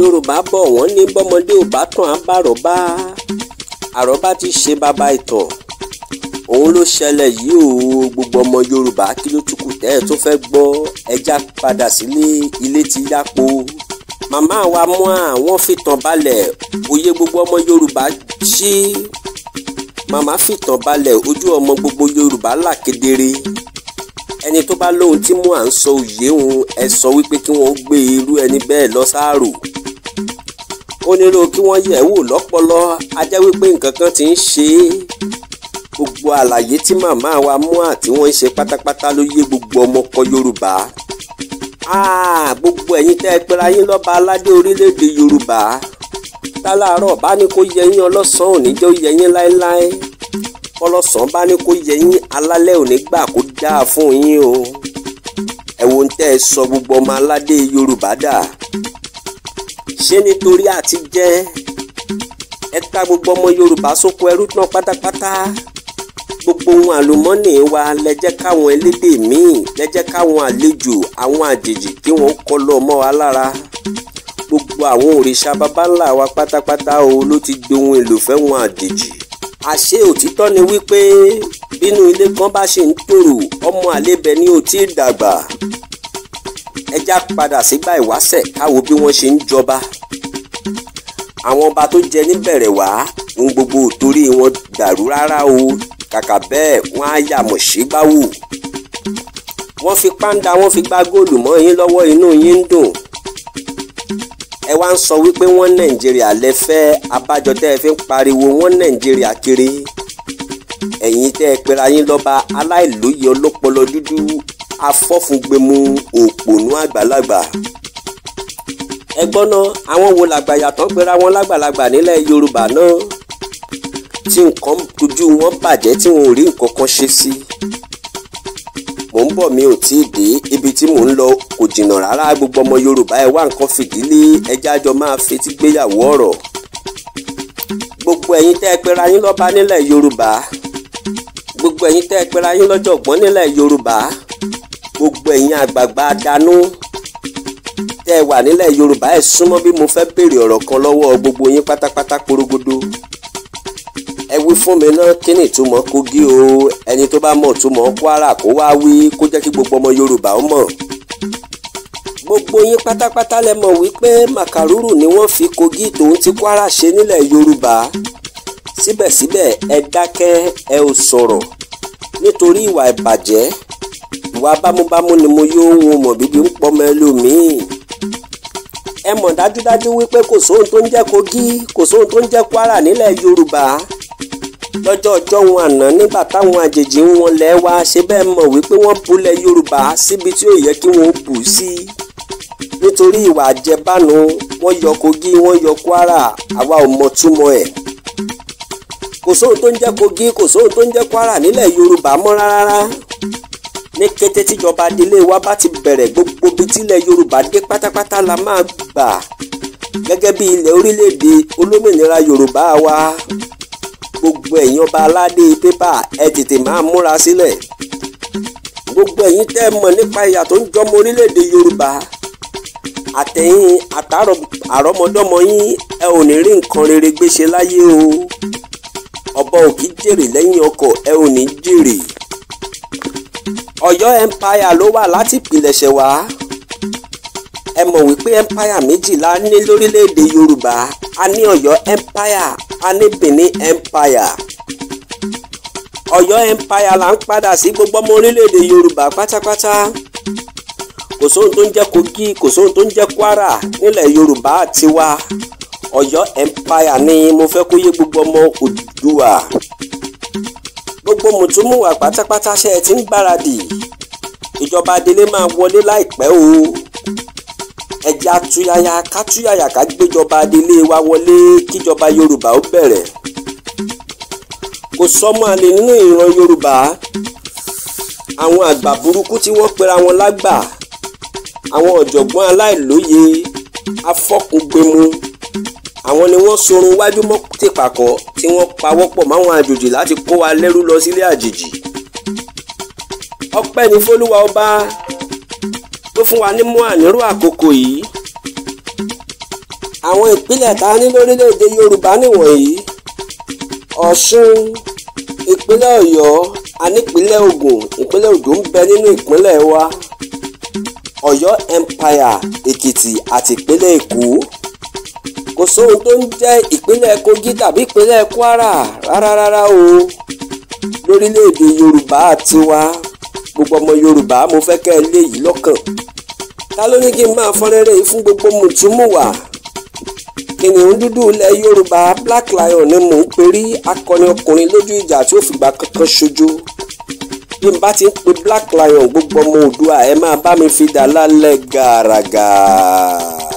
yorùbá bọ̀ wọ́n ní bọ́mọdé ò bá tàn á bá àròbá àròbá ti ṣe bàbá ìtàn òun ló ṣẹlẹ̀ yìí o gbogbo ọmọ yorùbá kí ló tún kù tẹ́ ẹ tó fẹ́ gbọ́ ẹja padà sílé ilé ti yápo màmá wa mọ́ àwọn fìtàn balẹ̀ òye gbogbo ọmọ yorùbá ṣí màmá fìtàn balẹ̀ ojú ọmọ gbogbo yorùbá là kedere ẹni tó bá lóhun tí mò ń sọ òye òun ẹ sọ wípé kí wọ́n gbé irú ẹni bẹ́ẹ̀ lọ sáàrò ó nílò kí wọ́n yẹ̀ wò lọ́pọlọ ajá wípé nǹkan kan ti ń ṣe é gbogbo àlàyé tí màmá wa mú àti wọ́n ń ṣe pátápátá ló yé gbogbo ọmọkọ Yorùbá gbogbo ẹ̀yin tẹ́ ẹ pera yín lọ́ba aládé orílẹ̀-èdè Yorùbá táláàárọ̀ bá ní kó yẹ yín ọlọ́sàn-án òní jẹ́ ó yẹ yín láéláé kọlọ́sàn bá ní kó yẹ yín alálẹ̀ òní gbà kó dáa fún yín o ẹ̀wọ̀n tẹ́ ẹ sọ gbogbo ọmọ aládé Yorùbá dà ṣé nítorí àti jẹ ẹ ta gbogbo ọmọ Yorùbá sóko ẹrú náà pátápátá gbogbo ohun àlùmọ́nì wa lẹ́jẹ́ káwọn elédè míì lẹ́jẹ́ káwọn àlejò àwọn àjèjì kí wọ́n kọ́ lọ mọ́ wa lára gbogbo àwọn òrìṣà babańlá wa pátápátá o ló ti gbohun èlò fẹ́wọn àjèjì àṣé òtítọ́ ni wípé bínú ilé kan bá ṣe ń tòrò ọmọ àlebẹ̀ ni ò tí ì dàgbà ẹjá padà sígbà ìwásẹ̀ káwo bí wọ́n ṣe ń jọba àwọn ọba tó jẹ níbẹ̀rẹ̀ wá ń gbogbo torí wọn dàrú rárá o kàkà bẹ́ẹ̀ wọ́n á yàmọ̀ sígbáwò wọ́n fi páńdà wọ́n fi gbá góòlù mọ́ yín lọ́wọ́ inú yín ń dùn ẹ wá ń sọ wípé wọ́n nàìjíríà lẹ́fẹ́ abájọ tẹ́ ẹ fi ń pariwo wọ́n nàìjíríà kiri ẹ̀yin tẹ́ ẹ pera yín lọ́ba aláìlóye ọlọ́pọlọ dúdú afọ́fúngbẹ̀mú òpònú àgbàlagbà ẹ gbọ́ ná àwọn wo làgbàyà tán pera wọn lágbàlagbà nílẹ̀ Yorùbá náà tí nǹkan ojú wọn bàjẹ́ tí wọn ò rí nǹkan kan ṣe sí mò ń bọ̀ mi ò tí ì dé ibi tí mò ń lọ kò jìnnà rárá gbogbo ọmọ Yorùbá ẹ wá nǹkan fìdílé ẹjẹ́ àjọ máa fetí gbéyàwó ọ̀rọ̀ gbogbo ẹ̀yin tẹ́ ẹ pera yín lọ́ba nílẹ̀ Yorùbá gbogbo ẹ̀yin tẹ́ ẹ pera yín lọ́jọ̀gbọ́n nílẹ̀ Yorùbá gbogbo ẹ̀yin àgbààgbà adanú tẹ́ ẹ wà nílẹ̀ yorùbá ẹ̀ súnmọ́ bí mo fẹ́ béèrè ọ̀rọ̀ kan lọ́wọ́ gbogbo yín pátápátá porogodo ẹ wí fún mi náà kí ìtumọ̀ kogi o ẹni tó bá mọ̀ ìtumọ̀ kwara kó wá wí kó jẹ́ kí gbogbo ọmọ yorùbá ó mọ̀ gbogbo yín pátápátá lẹ mọ̀ wípé màkàrúrù ni wọ́n fi kogi tòun ti kwara ṣe nílẹ̀ yorùbá síbẹ̀síbẹ̀ ẹ dákẹ́ ẹ ò sọ̀rọ̀ nítorí ìwà ìbàjẹ́ wá bámúbámú ni mo yóò hun mọ̀ bíbí ń pọ́mọ ẹlòmíì ẹ mọ̀ dájúdájú wípé kò sóhun tó ń jẹ́ Kogi kò sóhun tó ń jẹ́ Kwara nílẹ̀ Yorùbá lọ́jọ́ ọjọ́ wọn àná nígbà táwọn àjèjì ń wọn lẹ́ wá ṣe bẹ́ẹ̀ mọ̀ wípé wọ́n bulẹ̀ Yorùbá síbi tí ò yẹ kí wọ́n bù sí nítorí ìwà àjẹbánu wọ́n yọ Kogi wọ́n yọ Kwara àwa ò mọ túmọ̀ ẹ̀ kò sóhun tó ń jẹ́ Kogi kò sóhun tó ń jẹ́ Kwara nílẹ̀ Yorùbá mọ́ rárá ní kété tíjọba délé wa bá ti bẹ̀rẹ̀ gbogbo bí tilẹ̀ Yorùbá dé pátápátá la máa gbà gẹ́gẹ́ bí ilẹ̀ orílẹ̀-èdè olómìnira Yorùbá wa gbogbo ẹ̀yin ọba aládé pépà ẹ tètè máa múra sílẹ̀ gbogbo ẹ̀yin tẹ́ ẹ mọ̀ nípa ìyà tó ń jọmọ orílẹ̀-èdè Yorùbá àtẹ̀yìn àtàrọmọdọ́mọ yín ẹ ò ní rí nǹkan rere gbéṣe láyé o ọba ò kí jèrè lẹ́yìn ọkọ̀ ẹ ò ní jèrè. Ọ̀yọ́ empire ló wà láti ìpìlẹ̀ṣẹ̀ wá ẹ mọ̀ wípé empire méjì la ní lórílẹ̀‐èdè Yorùbá a ní Ọ̀yọ́ empire a ní Benin empire Ọ̀yọ́ empire là ń padà sí gbogbo ọmọ orílẹ̀‐èdè Yorùbá pátápátá kò sóhun tó ń jẹ́ Kogi kò sóhun tó ń jẹ́ Kwara nílẹ̀ Yorùbá tiwa Ọ̀yọ́ empire ni mo fẹ́ kó yé gbogbo ọmọ Odùduwà gbogbo mùtúmùwà pátápátá ṣe ti ń gbáradì ìjọba adelé máa wọlé láìpẹ́ o ẹ̀jẹ̀ atúyàyà kátúyàyà ká gbéjọba adelé wa wọlé kíjọba yorùbá ó bẹ̀rẹ̀ kò sọ́mọ àlè nínú ìran yorùbá àwọn àgbà burúkú tí wọ́n pera wọn lágbà àwọn ọ̀jọ̀gbọ́n aláìlóye afọ́kùngbemu àwọn ni wọ́n sorun wájú mọ́ tìpàkọ́ tí wọ́n pawọ́pọ̀ máwọn àjòjì láti kó wa lẹ́rú lọ sílé àjèjì ọpẹ́ ni fólúwa ọba tó fún wa ní mú àníró àkókò yìí àwọn ìpínlẹ̀ tá a ní lórílẹ̀‐èdè yorùbá nìwọ̀nyí ọ̀ṣun ìpínlẹ̀ ọ̀yọ́ anípínlẹ̀ ògùn ìpínlẹ̀ ògùn ń bẹ nínú ìpínlẹ̀ wa ọ̀yọ́ empire èkìtì àti ìpínlẹ̀ èkó kò sóhun tó ń jẹ́ ìpínlẹ̀ Kogi tàbí ìpínlẹ̀ Kwara rárárárá o lórílẹ̀‐èdè Yorùbá tiwa gbogbo ọmọ Yorùbá mo fẹ́ kẹ́ ẹ léyìí lọ́kàn ta ló ní kí n máa fọ́nrẹ́rẹ́ yìí fún gbogbo mùtúmùwà kìnìún dúdú ilẹ̀ Yorùbá Black Lion ni mò ń perí akọni ọkùnrin lójú ìjà tí ó fìgbà kankan ṣojo bí n bá ti ń pe Black Lion gbogbo ọmọ Oòduà ẹ máa bá mi fi dà lálẹ́ gàràgà.